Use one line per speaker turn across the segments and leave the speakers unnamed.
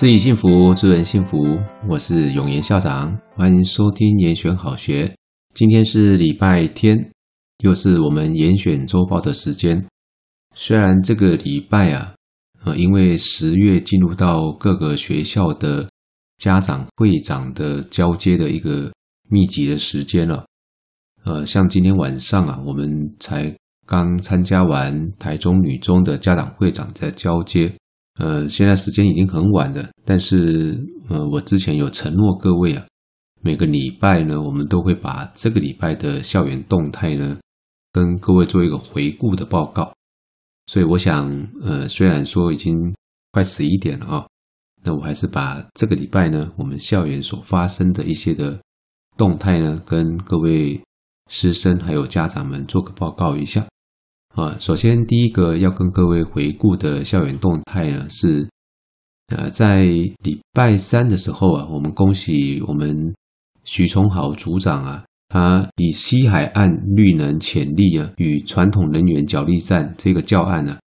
自己幸福，助人幸福。我是勇延校長，歡迎收聽延選好學。今天是禮拜天，又是我們延選週報的時間。雖然這個禮拜啊，呃，因為十月進入到各個學校的家長會長的交接的一個密集的時間了。呃，像今天晚上啊，我們才剛參加完台中女中的家長會長在交接。呃，現在時間已經很晚了，但是呃，我之前有承諾各位啊，每個禮拜呢，我們都會把這個禮拜的校園動態呢，跟各位做一個回顧的報告。所以我想，呃，雖然說已經快十一點了啊，哦，那我還是把這個禮拜呢，我們校園所發生的一些的動態呢，跟各位師生還有家長們做個報告一下。啊，首先第一個要跟各位回顧的校園動態呢，是呃，在禮拜三的時候啊，我們恭喜我們徐崇豪組長啊，他以西海岸綠能潛力啊與傳統能源角力戰這個教案呢，啊，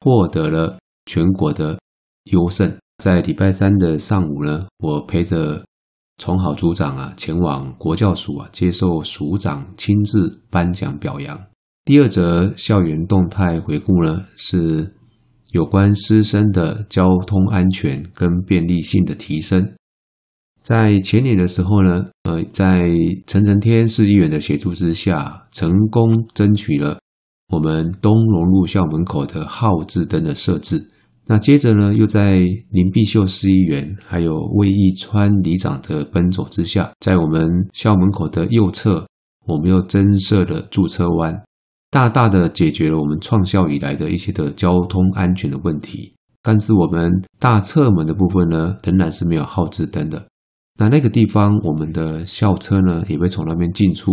獲得了全國的優勝。在禮拜三的上午呢，我陪着崇豪組長啊，前往國教署啊，接受署長親自頒獎表揚。第二則校園動態回顧呢，是有關師生的交通安全跟便利性的提升。在前年的時候呢，呃，在陳成，成天市議員的協助之下，成功爭取了我們東龍路校門口的號誌燈的設置。那接着呢，又在林碧秀市議員還有魏一川里長的奔走之下，在我們校門口的右側，我們又增設了駐車彎。大大的解決了我們創校以來的一些的交通安全的問題，但是我們大側門的部分呢，仍然是沒有號誌燈的。那那個地方，我們的校車呢，也會從那邊進出，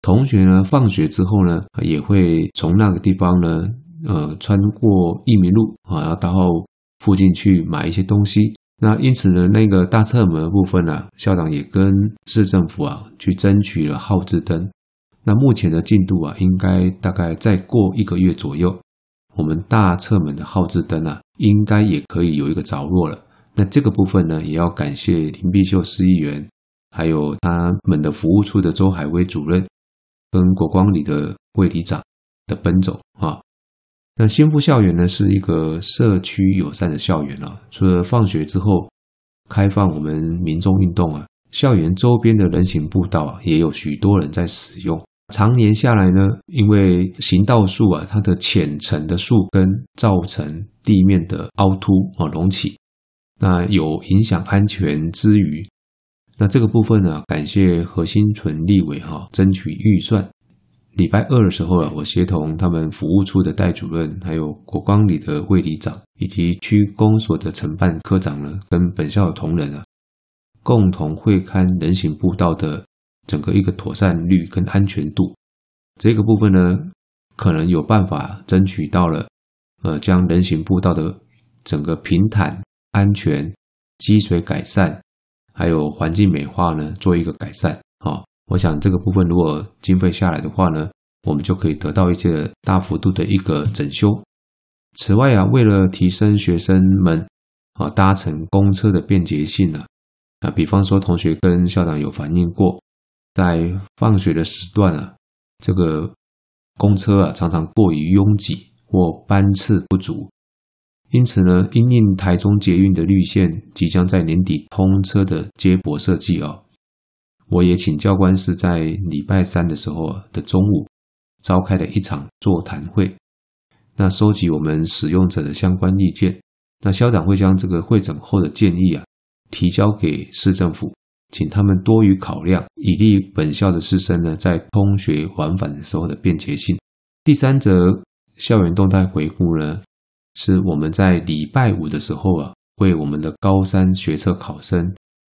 同學呢，放學之後呢，也會從那個地方呢，呃，穿過益民路啊，然後到附近去買一些東西。那因此呢，那個大側門的部分呢、啊，校長也跟市政府啊，去爭取了號誌燈。那目前的進度啊，應該大概再過一個月左右，我們大側門的號誌燈啊，應該也可以有一個着落了。那這個部分呢，也要感謝林碧秀市議員，還有他們的服務處的周海威主任，跟國光里的魏里長的奔走啊。那新復校園呢，是一個社區友善的校園啊，除了放學之後開放我們民眾運動啊，校園周邊的人行步道啊，也有許多人在使用。常年下來呢，因為行道樹啊，它的淺層的樹根造成地面的凹凸啊、哦、隆起，那有影響安全之余，那這個部分呢、啊，感謝何欣純立委哈、啊，爭取預算。禮拜二的時候啊，我協同他們服務處的戴主任，還有國光里的魏里長，以及區公所的承辦科長呢，跟本校的同仁啊，共同會勘人行步道的。整個一個妥善率跟安全度這個部分呢，可能有辦法爭取到了，呃，將人行步道的整個平坦、安全、積水改善，還有環境美化呢，做一個改善。啊、哦，我想這個部分如果經費下來的話呢，我們就可以得到一些大幅度的一個整修。此外啊，為了提升學生們啊搭乘公車的便捷性呢、啊，啊，比方說同學跟校長有反映過。在放學的時段啊，這個公車啊常常過於擁擠或班次不足，因此呢，因應台中捷運的綠線即將在年底通車的接駁設計哦，我也請教官是在禮拜三的時候的中午召開了一場座談會，那收集我們使用者的相關意見，那校長會將這個彙整後的建議啊提交給市政府。請他們多予考量，以利本校的師生呢在通學往返的時候的便捷性。第三則校園動態回顧呢，是我們在禮拜五的時候啊，為我們的高三學測考生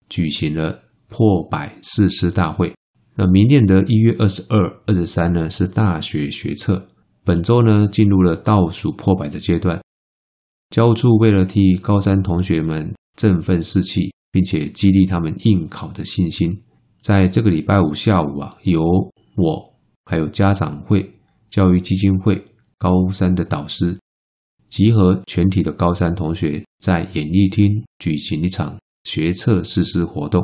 舉行了破百誓師大會。那明年的一月二十二、二十三呢是大學學測，本周呢進入了倒數破百的階段。教務處為了替高三同學們振奮士氣，並且激勵他們應考的信心。在這個禮拜五下午啊，由我還有家長會、教育基金會、高三的導師，集合全體的高三同學，在演藝廳舉行一場學測誓師活動。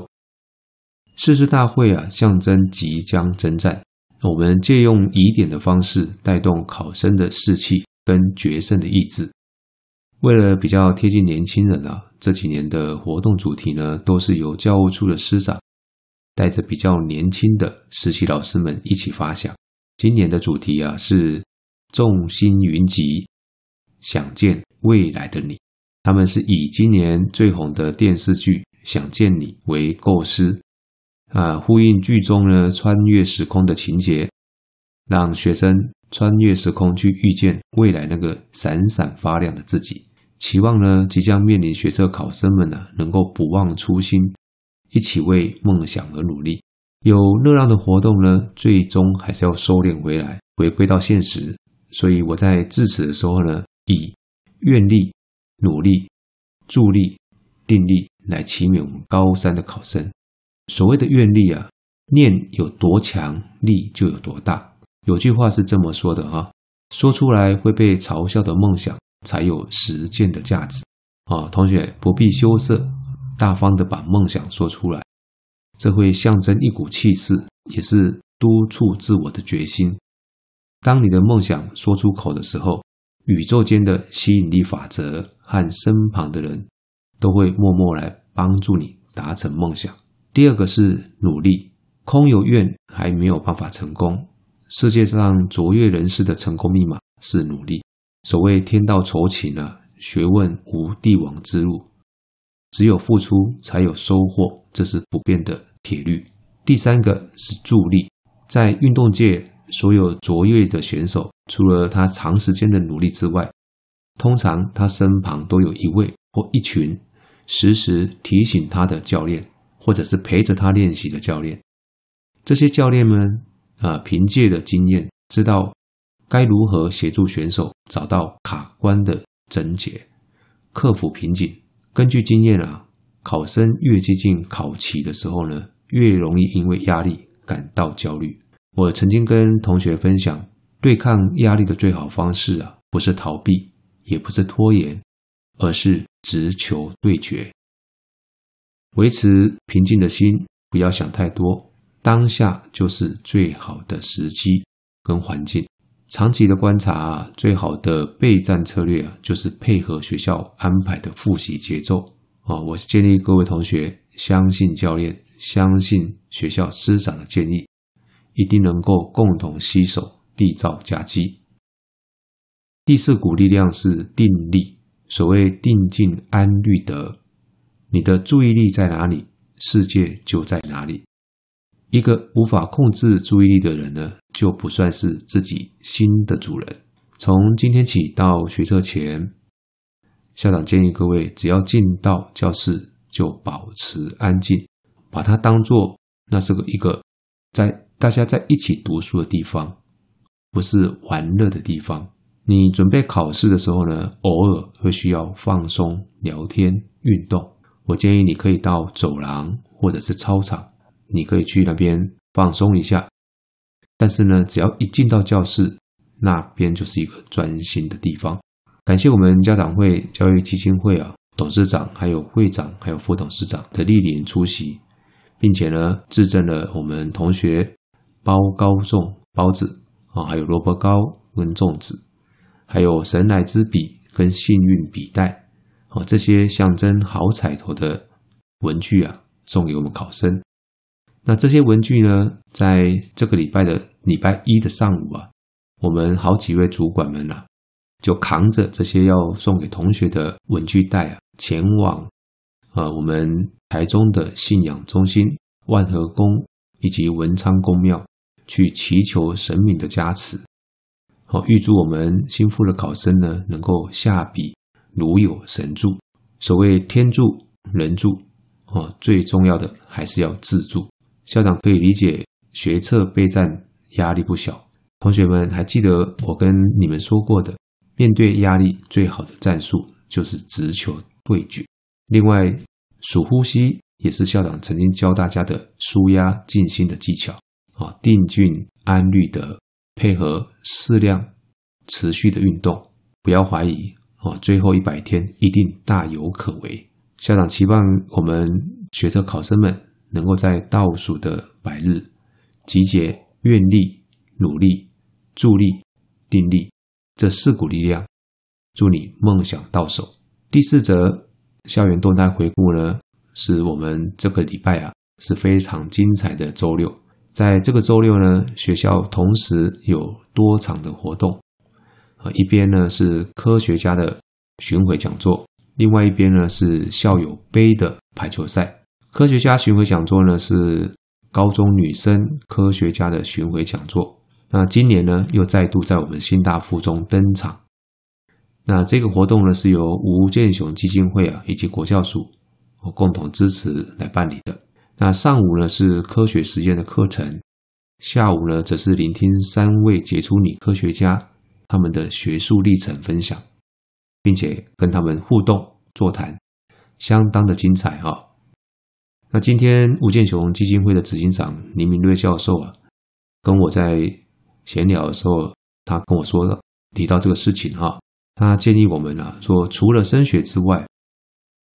誓師大會啊，象徵即將征戰。我們借用儀典的方式，帶動考生的士氣跟決勝的意志。為了比較貼近年輕人啊，這幾年的活動主題呢，都是由教務處的師長帶着比較年輕的實習老師們一起發想。今年的主題啊是“眾星雲集，想見未來的你”。他們是以今年最紅的電視劇《想見你》為構思啊，呼應劇中呢穿越時空的情節，讓學生穿越時空去遇見未來那個閃閃發亮的自己。期望呢，即將面臨學測考生們呢、啊，能夠不忘初心，一起為夢想而努力。有熱鬧的活動呢，最終還是要收斂回來，回歸到現實。所以我在致辭的時候呢，以願力、努力、助力、定力來期勉我們高三的考生。所謂的願力啊，念有多強，力就有多大。有句話是這麼說的哈、啊，說出來會被嘲笑的夢想。才有實踐的價值啊、哦！同學不必羞澀，大方地把夢想說出來，這會象徵一股氣勢，也是督促自我的決心。當你的夢想說出口的時候，宇宙間的吸引力法則和身旁的人都會默默來幫助你達成夢想。第二個是努力，空有願還沒有辦法成功。世界上卓越人士的成功密碼是努力。所謂天道酬勤啊，學問無帝王之路，只有付出才有收穫，這是不變的鐵律。第三個是助力，在運動界，所有卓越的選手，除了他長時間的努力之外，通常他身旁都有一位或一群時時提醒他的教練，或者是陪着他練習的教練。這些教練們啊，憑借着經驗知道。該如何協助選手找到卡關的症結，克服瓶頸？根據經驗啊，考生，越接近考期的時候呢，越容易因為壓力感到焦慮。我曾經跟同學分享，對抗壓力的最好方式啊，不是逃避，也不是拖延，而是直球對決。維持平靜的心，不要想太多，當下就是最好的時機跟環境。長期的觀察啊，最好的備戰策略啊，就是配合學校安排的複習節奏啊，哦，我建議各位同學相信教練，相信學校師長的建議，一定能夠共同攜手締造佳績。第四股力量是定力，所謂定靜安慮得，你的注意力在哪裡，世界就在哪裡。一個無法控制注意力的人呢，就不算是自己心的主人。從今天起到學測前，校長建議各位，只要進到教室就保持安靜，把它當做那是個一個在大家在一起讀書的地方，不是玩樂的地方。你準備考試的時候呢，偶爾會需要放鬆、聊天、運動。我建議你可以到走廊或者是操場，你可以去那邊放鬆一下。但是呢，只要一進到教室，那邊就是一個專心的地方。感謝我們家長會教育基金會啊、董事長、還有會長、還有副董事長的蒞臨出席，並且呢，致贈了我們同學包高粽、包子啊，還有蘿蔔糕跟粽子，還有神來之筆跟幸運筆袋啊，這些象徵好彩頭的文具啊，送給我們考生。那這些文具呢，在這個禮拜的禮拜一的上午啊，我們好幾位主管們啊，就扛着這些要送給同學的文具袋啊，前往，呃、啊，我們台中的信仰中心、萬和宮以及文昌宮廟，去祈求神明的加持，好、啊，預祝我們辛苦的考生呢，能夠下筆如有神助。所謂天助人助，哦、啊，最重要的還是要自助。校長可以理解，學測備戰壓力不小。同學們還記得我跟你們說過的，面對壓力最好的戰術就是直球對決。另外，數呼吸也是校長曾經教大家的舒壓靜心的技巧。啊，定靜安慮的配合適量持續的運動，不要懷疑哦，最後一百天一定大有可為。校長期望我們學測考生們。能夠在倒數的百日集結願力、努力、助力、定力這四股力量，祝你夢想到手。第四則校園動態回顧呢，是我們這個禮拜啊，是非常精彩的週六。在這個週六呢，學校同時有多場的活動呃，一邊呢是科學家的巡迴講座，另外一邊呢是校友盃的排球賽。科學家巡迴講座呢，是高中女生科學家的巡迴講座。那今年呢，又再度在我們新大附中登場。那這個活動呢，是由吳健雄基金會啊以及國教署我共同支持來辦理的。那上午呢是科學實驗的課程，下午呢則是聆聽三位傑出女科學家她們的學術歷程分享，並且跟她們互動座談，相當的精彩哈、哦。那今天吳健雄基金會的執行長林明瑞教授啊，跟我在閒聊的時候，他跟我說提到這個事情哈、啊，他建議我們啊，說除了升學之外，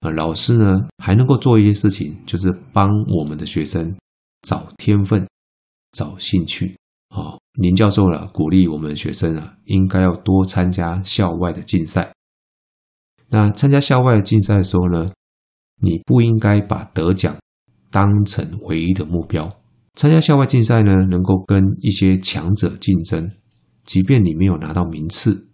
啊，老師呢還能夠做一些事情，就是幫我們的學生找天分，找興趣啊、哦。林教授呢、啊，鼓勵我們學生啊，應該要多參加校外的競賽。那參加校外競賽的時候呢，你不應該把得獎，當成唯一的目標，參加校外競賽呢，能夠跟一些強者競爭。即便你沒有拿到名次，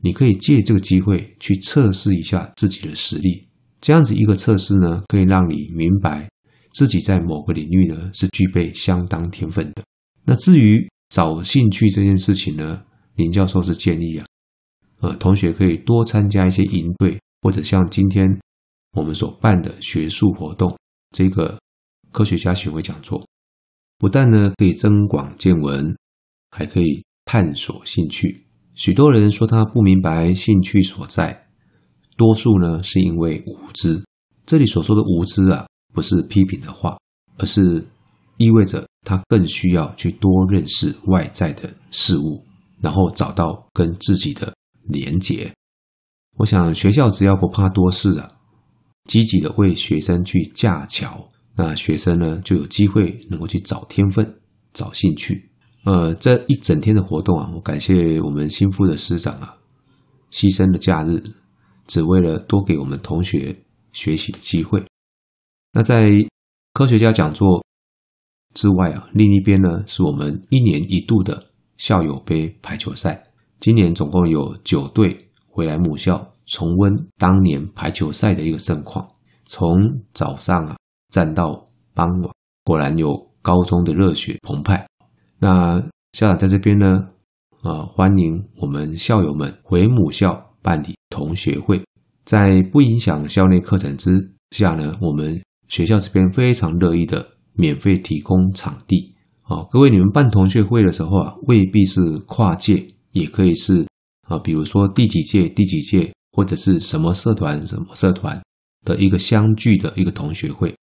你可以借這個機會去測試一下自己的實力。這樣子一個測試呢，可以讓你明白自己在某個領域呢，是具備相當天分的。那至於找興趣這件事情呢，林教授是建議啊，呃，同學可以多參加一些營隊，或者像今天我們所辦的學術活動，這個。科學家巡迴講座，不但呢可以增廣見聞，還可以探索興趣。許多人說他不明白興趣所在，多數呢是因為無知。這裡所說的無知啊，不是批評的話，而是意味着他更需要去多認識外在的事物，然後找到跟自己的連結。我想學校只要不怕多事啊，積極的為學生去架橋。那學生呢，就有機會能夠去找天分、找興趣。呃，這一整天的活動啊，我感謝我們辛苦的師長啊，犧牲了假日，只為了多給我們同學學習的機會。那在科學家講座之外啊，另一邊呢，是我們一年一度的校友盃排球賽。今年總共有九隊回來母校重溫當年排球賽的一個盛況。從早上啊。站到傍晚，果然有高中的熱血澎湃。那校長在這邊呢，啊，歡迎我們校友們回母校辦理同學會。在不影響校內課程之下呢，我們學校這邊非常樂意的免費提供場地。啊，各位，你們辦同學會的時候啊，未必是跨界，也可以是啊，比如說第幾屆、第幾屆，或者是什麼社團、什麼社團的一個相聚的一個同學會。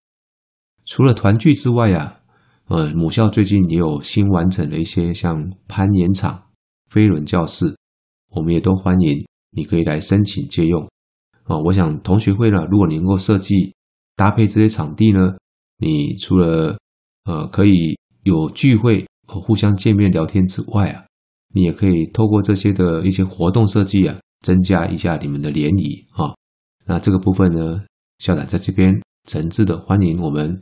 除了團聚之外啊，呃，母校最近也有新完成了一些像攀岩場、飛輪教室，我們也都歡迎你可以來申請借用。啊，我想同學會呢，如果你能夠設計搭配這些場地呢，你除了呃可以有聚會和互相見面聊天之外啊，你也可以透過這些的一些活動設計啊，增加一下你們的聯誼啊。那這個部分呢，校長在這邊誠摯的歡迎我們。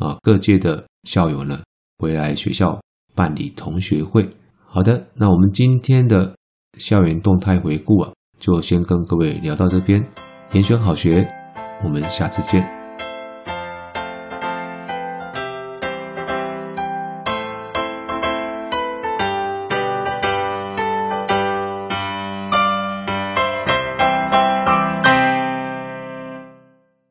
啊，各屆的校友呢，回來學校辦理同學會。好的，那我們今天的校園動態回顧啊，就先跟各位聊到這邊。延選好學，我們下次見。